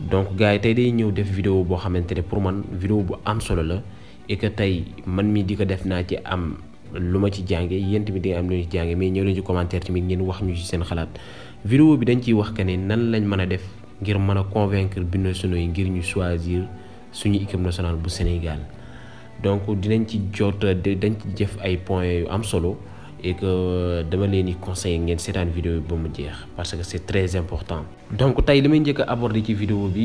donc gars yi day def vidéo boo xamante pour man vidéo bu am solo et que tey man mi di ko def ci am lu ma ci jànge yéen tamit di am lu ci mais ci commentaire tamit ngeen wax ñu ci seen xalaat vidéo bi dañ wax que ne nan lañ mën def ngir mën convaincre binationaux yi ngir ñu choisir suñu équipe nationale bu Sénégal donc dinañ ci jot dañ points yu am et que euh, dama les conseiller ngeen une vidéo bi ba parce que c'est très important donc tay limay may aborder ci vidéo bi